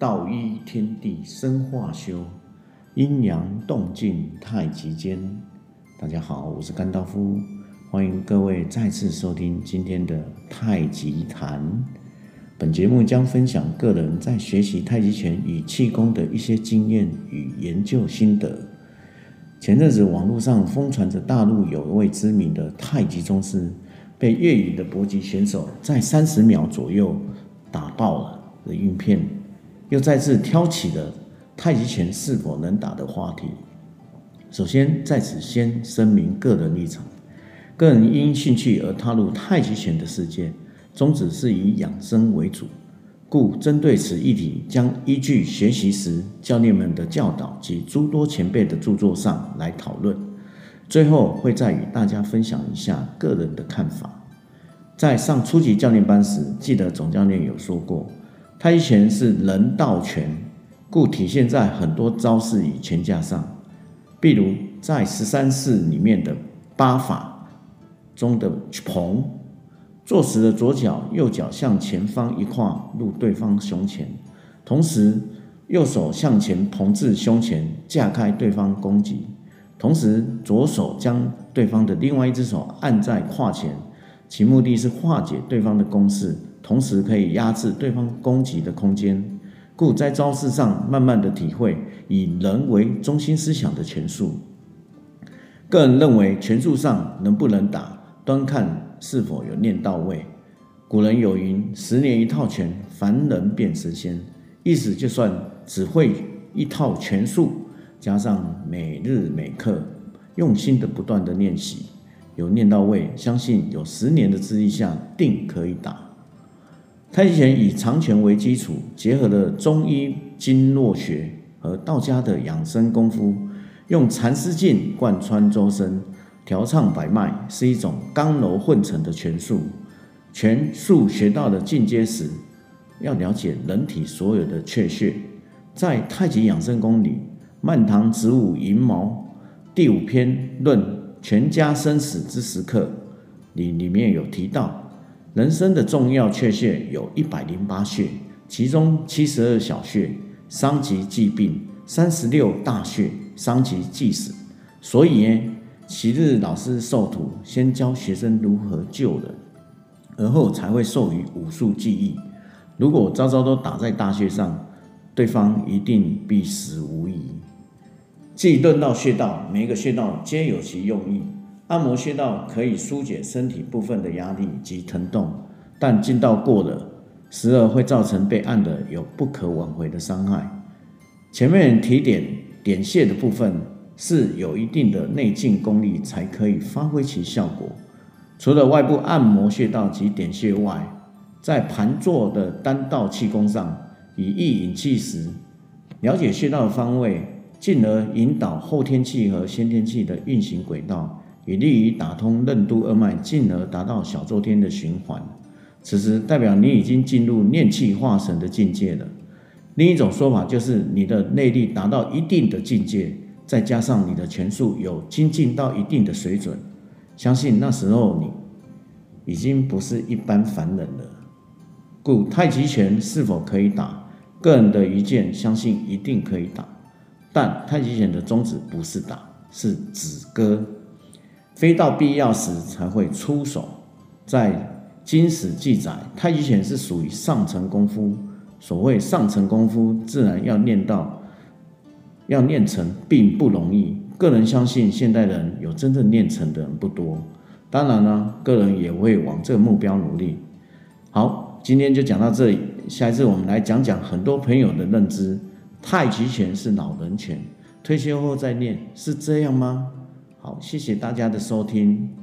道依天地生化修，陰陽動靜太極間。大家好，我是甘道夫，歡迎各位再次收聽今天的太極談。本節目將分享個人在學習太極拳與氣功的一些經驗與研究心得。前陣子網絡上瘋傳着大陸有一位知名的太極宗師被業餘的搏擊選手在三十秒左右打爆了的影片。又再次挑起了太極拳是否能打的話題。首先在此先聲明個人立場，個人因興趣而踏入太極拳的世界，宗旨是以養生為主，故針對此議題將依據學習時，教練們的教導及諸多前輩的著作上來討論。最後會再與大家分享一下個人的看法。在上初級教練班時，記得總教練有說過。太極拳是人道拳，故體現在很多招式與拳架上。比如在十三式裡面的八法中的掤，坐實的左腳，右腳向前方一跨入對方胸前，同時右手向前掤至胸前，架開對方攻擊，同時左手將對方的另外一隻手按在胯前。其目的是化解對方的攻勢，同時可以壓制對方攻擊的空間，故在招式上慢慢的體會以人為中心思想的拳術。個人認為，拳術上能不能打，端看是否有練到位。古人有云：“十年一套拳，凡人變神仙。”意思就算只會一套拳術，加上每日每刻用心的不斷的練習。有念到位，相信有十年的資歷下，定可以打。太極拳以長拳為基礎，結合了中醫經絡學和道家的養生功夫，用纏絲勁貫穿周身，調暢百脈，是一種剛柔混成的拳術。拳術學到了進階時，要了解人體所有的確穴。在太極養生功裡，《曼唐植物銀毛》第五篇論。全家生死之時刻，裡裡面有提到，人身的重要竅穴有一百零八穴，其中七十二小穴傷及疾病，三十六大穴傷及即死。所以呢，昔日老師授徒先教學生如何救人，而後才會授予武術技藝。如果招招都打在大穴上，對方一定必死無疑。既論到穴道，每一個穴道皆有其用意。按摩穴道可以疏解身體部分的壓力及疼痛，但勁道過了，時而會造成被按的有不可挽回的傷害。前面提點點穴的部分，是有一定的內勁功力才可以發揮其效果。除了外部按摩穴道及點穴外，在盤坐的單道氣功上，以意引氣時，了解穴道的方位。進而引導後天氣和先天氣的運行軌道，以利於打通任督二脈，進而達到小周天的循環。此時代表你已經進入練氣化神的境界了。另一種說法就是你的內力達到一定的境界，再加上你的拳術有精進到一定的水準，相信那時候你已經不是一般凡人了。故太極拳是否可以打？個人的愚見，相信一定可以打。但太極拳的宗旨不是打，是止戈，非到必要時才會出手。在《經史》記載，太極拳是屬於上乘功夫。所謂上乘功夫，自然要練到，要練成，並不容易。個人相信，現代人有真正練成的人不多。當然了、啊，個人也會往這個目標努力。好，今天就講到這裡，下一次我們來講講很多朋友的認知。太極拳是老人拳，退休後再練，是這樣嗎？好，謝謝大家的收聽。